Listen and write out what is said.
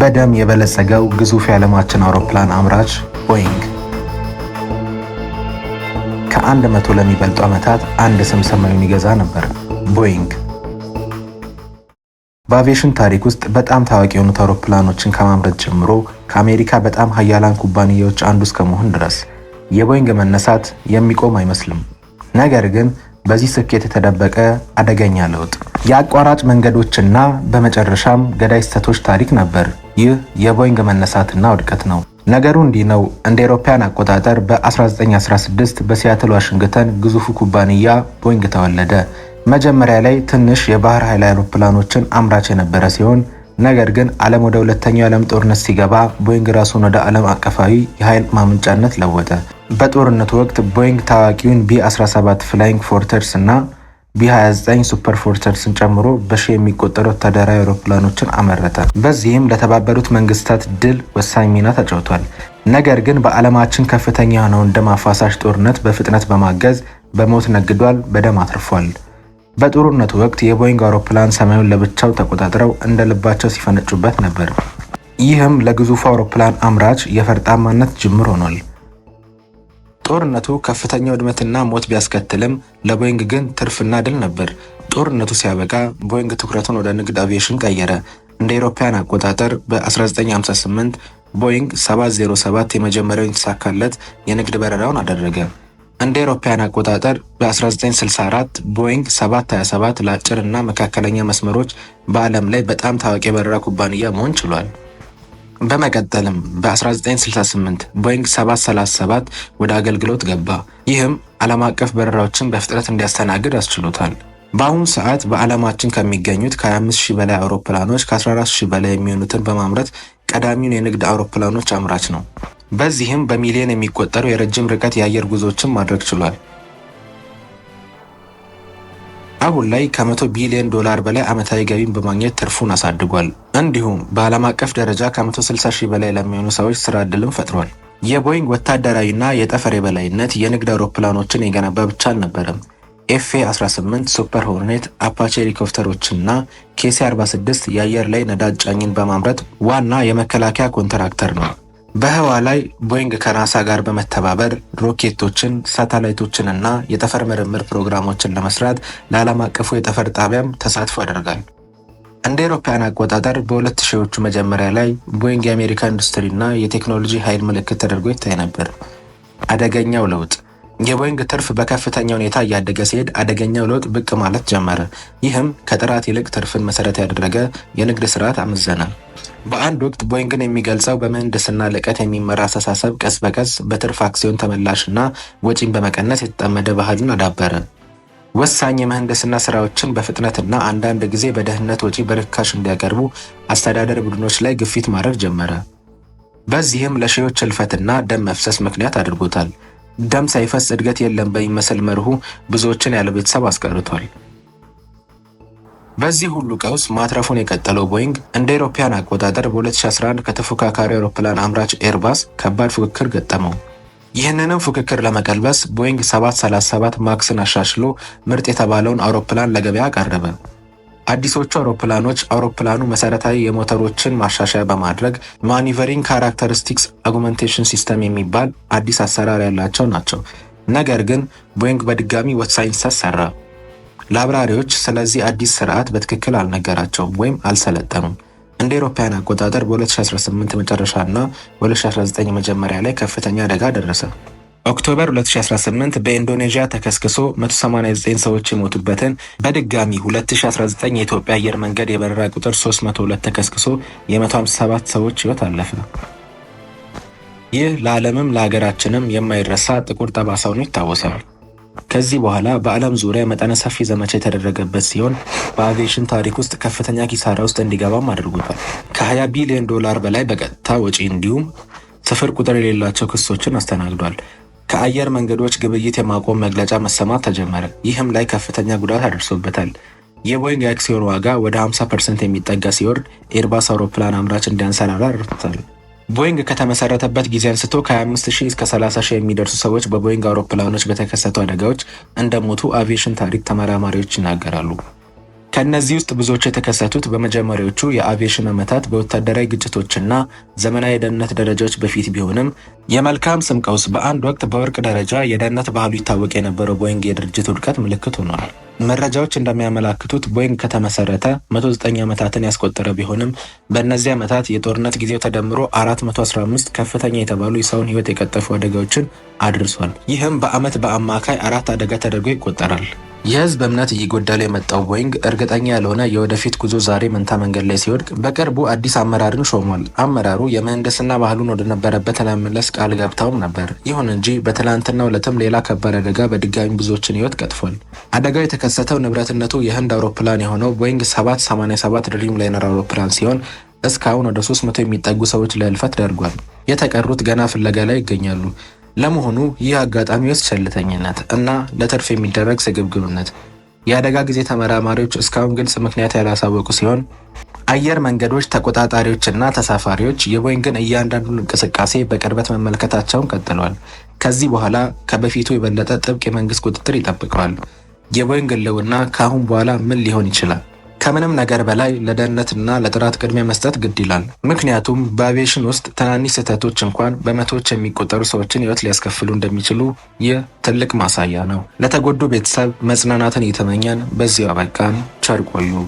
በደም የበለጸገው ግዙፍ የዓለማችን አውሮፕላን አምራች ቦይንግ ከአንድ መቶ ለሚበልጡ ዓመታት አንድ ስም ሰማዩን ይገዛ ነበር። ቦይንግ በአቪዬሽን ታሪክ ውስጥ በጣም ታዋቂ የሆኑት አውሮፕላኖችን ከማምረት ጀምሮ ከአሜሪካ በጣም ሀያላን ኩባንያዎች አንዱ እስከመሆን ድረስ የቦይንግ መነሳት የሚቆም አይመስልም። ነገር ግን በዚህ ስኬት የተደበቀ አደገኛ ለውጥ የአቋራጭ መንገዶችና በመጨረሻም ገዳይ ስህተቶች ታሪክ ነበር። ይህ የቦይንግ መነሳትና ውድቀት ነው። ነገሩ እንዲህ ነው። እንደ አውሮፓውያን አቆጣጠር በ1916 በሲያትል ዋሽንግተን ግዙፉ ኩባንያ ቦይንግ ተወለደ። መጀመሪያ ላይ ትንሽ የባህር ኃይል አውሮፕላኖችን አምራች የነበረ ሲሆን ነገር ግን ዓለም ወደ ሁለተኛው የዓለም ጦርነት ሲገባ ቦይንግ ራሱን ወደ ዓለም አቀፋዊ የኃይል ማመንጫነት ለወጠ። በጦርነቱ ወቅት ቦይንግ ታዋቂውን ቢ17 ፍላይንግ ፎርተርስ እና ቢ29 ሱፐር ፎርተርስን ጨምሮ በሺ የሚቆጠሩ ወታደራዊ አውሮፕላኖችን አመረተ። በዚህም ለተባበሩት መንግስታት ድል ወሳኝ ሚና ተጫውቷል። ነገር ግን በዓለማችን ከፍተኛ የሆነውን ደም አፋሳሽ ጦርነት በፍጥነት በማገዝ በሞት ነግዷል፣ በደም አትርፏል። በጦርነቱ ወቅት የቦይንግ አውሮፕላን ሰማዩን ለብቻው ተቆጣጥረው እንደ ልባቸው ሲፈነጩበት ነበር። ይህም ለግዙፉ አውሮፕላን አምራች የፈርጣማነት ጅምር ሆኗል። ጦርነቱ ከፍተኛ ውድመትና ሞት ቢያስከትልም ለቦይንግ ግን ትርፍና ድል ነበር። ጦርነቱ ሲያበቃ ቦይንግ ትኩረቱን ወደ ንግድ አቪዬሽን ቀየረ። እንደ አውሮፓውያን አቆጣጠር በ1958 ቦይንግ 707 የመጀመሪያውን የተሳካለት የንግድ በረራውን አደረገ። እንደ አውሮፓውያን አቆጣጠር በ1964 ቦይንግ 727 ለአጭርና መካከለኛ መስመሮች በዓለም ላይ በጣም ታዋቂ የበረራ ኩባንያ መሆን ችሏል። በመቀጠልም በ1968 ቦይንግ 737 ወደ አገልግሎት ገባ። ይህም ዓለም አቀፍ በረራዎችን በፍጥነት እንዲያስተናግድ አስችሎታል። በአሁኑ ሰዓት በዓለማችን ከሚገኙት ከ25000 በላይ አውሮፕላኖች ከ14000 በላይ የሚሆኑትን በማምረት ቀዳሚውን የንግድ አውሮፕላኖች አምራች ነው። በዚህም በሚሊዮን የሚቆጠሩ የረጅም ርቀት የአየር ጉዞዎችን ማድረግ ችሏል። አሁን ላይ ከመቶ ቢሊዮን ዶላር በላይ ዓመታዊ ገቢን በማግኘት ትርፉን አሳድጓል። እንዲሁም በዓለም አቀፍ ደረጃ ከ160 ሺህ በላይ ለሚሆኑ ሰዎች ስራ እድልም ፈጥሯል። የቦይንግ ወታደራዊና የጠፈር የበላይነት የንግድ አውሮፕላኖችን የገነባ ብቻ አልነበረም። ኤፍኤ 18 ሱፐር ሆርኔት፣ አፓቼ ሄሊኮፕተሮችና ኬሲ 46 የአየር ላይ ነዳጅ ጫኝን በማምረት ዋና የመከላከያ ኮንትራክተር ነው። በህዋ ላይ ቦይንግ ከናሳ ጋር በመተባበር ሮኬቶችን፣ ሳተላይቶችንና የጠፈር ምርምር ፕሮግራሞችን ለመስራት ለዓለም አቀፉ የጠፈር ጣቢያም ተሳትፎ ያደርጋል። እንደ አውሮፓውያን አቆጣጠር በሁለት ሺዎቹ መጀመሪያ ላይ ቦይንግ የአሜሪካ ኢንዱስትሪና የቴክኖሎጂ ኃይል ምልክት ተደርጎ ይታይ ነበር። አደገኛው ለውጥ የቦይንግ ትርፍ በከፍተኛ ሁኔታ እያደገ ሲሄድ አደገኛው ለውጥ ብቅ ማለት ጀመረ። ይህም ከጥራት ይልቅ ትርፍን መሰረት ያደረገ የንግድ ስርዓት አመዘነ። በአንድ ወቅት ቦይንግን የሚገልጸው በምህንድስና ልቀት የሚመራ አስተሳሰብ ቀስ በቀስ በትርፍ አክሲዮን ተመላሽና ወጪን በመቀነስ የተጠመደ ባህልን አዳበረ። ወሳኝ የምህንድስና ስራዎችን በፍጥነትና አንዳንድ ጊዜ በደህንነት ወጪ በርካሽ እንዲያቀርቡ አስተዳደር ቡድኖች ላይ ግፊት ማድረግ ጀመረ። በዚህም ለሺዎች እልፈትና ደም መፍሰስ ምክንያት አድርጎታል። ደም ሳይፈስ እድገት የለም በሚመስል መርሁ ብዙዎችን ያለ ቤተሰብ አስቀርቷል። በዚህ ሁሉ ቀውስ ማትረፉን የቀጠለው ቦይንግ እንደ አውሮፓውያን አቆጣጠር በ2011 ከተፎካካሪ አውሮፕላን አምራች ኤርባስ ከባድ ፉክክር ገጠመው። ይህንንም ፉክክር ለመቀልበስ ቦይንግ 737 ማክስን አሻሽሎ ምርጥ የተባለውን አውሮፕላን ለገበያ አቀረበ። አዲሶቹ አውሮፕላኖች አውሮፕላኑ መሰረታዊ የሞተሮችን ማሻሻያ በማድረግ ማኒቨሪንግ ካራክተሪስቲክስ አጉመንቴሽን ሲስተም የሚባል አዲስ አሰራር ያላቸው ናቸው። ነገር ግን ቦይንግ በድጋሚ ወሳኝ ስህተት ሰራ። ለአብራሪዎች ስለዚህ አዲስ ስርዓት በትክክል አልነገራቸውም ወይም አልሰለጠኑም። እንደ አውሮፓውያን አቆጣጠር በ2018 መጨረሻ እና 2019 መጀመሪያ ላይ ከፍተኛ አደጋ ደረሰ። ኦክቶበር 2018 በኢንዶኔዥያ ተከስክሶ 189 ሰዎች የሞቱበትን በድጋሚ 2019 የኢትዮጵያ አየር መንገድ የበረራ ቁጥር 302 ተከስክሶ የ157 ሰዎች ህይወት አለፈ። ይህ ለዓለምም ለሀገራችንም የማይረሳ ጥቁር ጠባሳ ሆኖ ይታወሳል። ከዚህ በኋላ በዓለም ዙሪያ መጠነ ሰፊ ዘመቻ የተደረገበት ሲሆን በአቪዬሽን ታሪክ ውስጥ ከፍተኛ ኪሳራ ውስጥ እንዲገባም አድርጎታል። ከ20 ቢሊዮን ዶላር በላይ በቀጥታ ወጪ እንዲሁም ስፍር ቁጥር የሌላቸው ክሶችን አስተናግዷል። ከአየር መንገዶች ግብይት የማቆም መግለጫ መሰማት ተጀመረ። ይህም ላይ ከፍተኛ ጉዳት አድርሶበታል። የቦይንግ አክሲዮን ዋጋ ወደ 50 ፐርሰንት የሚጠጋ ሲወርድ ኤርባስ አውሮፕላን አምራች እንዲያንሰራራ አድርጎታል። ቦይንግ ከተመሰረተበት ጊዜ አንስቶ ከ25000 እስከ 30000 የሚደርሱ ሰዎች በቦይንግ አውሮፕላኖች በተከሰቱ አደጋዎች እንደሞቱ አቪዬሽን ታሪክ ተመራማሪዎች ይናገራሉ። ከእነዚህ ውስጥ ብዙዎች የተከሰቱት በመጀመሪያዎቹ የአቪዬሽን ዓመታት በወታደራዊ ግጭቶችና ዘመናዊ የደህንነት ደረጃዎች በፊት ቢሆንም የመልካም ስም ቀውስ በአንድ ወቅት በወርቅ ደረጃ የደህንነት ባህሉ ይታወቅ የነበረው ቦይንግ የድርጅት ውድቀት ምልክት ሆኗል። መረጃዎች እንደሚያመላክቱት ቦይንግ ከተመሰረተ 109 ዓመታትን ያስቆጠረ ቢሆንም በእነዚህ ዓመታት የጦርነት ጊዜው ተደምሮ 415 ከፍተኛ የተባሉ የሰውን ሕይወት የቀጠፉ አደጋዎችን አድርሷል። ይህም በዓመት በአማካይ አራት አደጋ ተደርጎ ይቆጠራል። የህዝብ እምነት እየጎደለ የመጣው ቦይንግ እርግጠኛ ያልሆነ የወደፊት ጉዞ ዛሬ መንታ መንገድ ላይ ሲወድቅ በቅርቡ አዲስ አመራርን ሾሟል። አመራሩ የምህንድስና ባህሉን ወደነበረበት ለመመለስ ቃል ገብተውም ነበር። ይሁን እንጂ በትላንትና ዕለትም ሌላ ከባድ አደጋ በድጋሚ ብዙዎችን ህይወት ቀጥፏል። አደጋው የተከሰተው ንብረትነቱ የህንድ አውሮፕላን የሆነው ቦይንግ 787 ድሪም ላይነር አውሮፕላን ሲሆን እስካሁን ወደ 300 የሚጠጉ ሰዎች ለህልፈት ደርጓል። የተቀሩት ገና ፍለጋ ላይ ይገኛሉ። ለመሆኑ ይህ አጋጣሚ ውስጥ ቸልተኝነት እና ለትርፍ የሚደረግ ስግብግብነት የአደጋ ጊዜ ተመራማሪዎች እስካሁን ግልጽ ምክንያት ያላሳወቁ ሲሆን አየር መንገዶች እና ተሳፋሪዎች የቦይንግን እያንዳንዱን እንቅስቃሴ በቅርበት መመልከታቸውን ቀጥለዋል። ከዚህ በኋላ ከበፊቱ የበለጠ ጥብቅ የመንግስት ቁጥጥር ይጠብቀዋል። የቦይንግ ሕልውና ከአሁን በኋላ ምን ሊሆን ይችላል? ከምንም ነገር በላይ ለደህንነትና ለጥራት ቅድሚያ መስጠት ግድ ይላል። ምክንያቱም በአቪዬሽን ውስጥ ትናንሽ ስህተቶች እንኳን በመቶዎች የሚቆጠሩ ሰዎችን ህይወት ሊያስከፍሉ እንደሚችሉ ይህ ትልቅ ማሳያ ነው። ለተጎዱ ቤተሰብ መጽናናትን እየተመኘን በዚያው አበቃን። ቸር ቆዩ።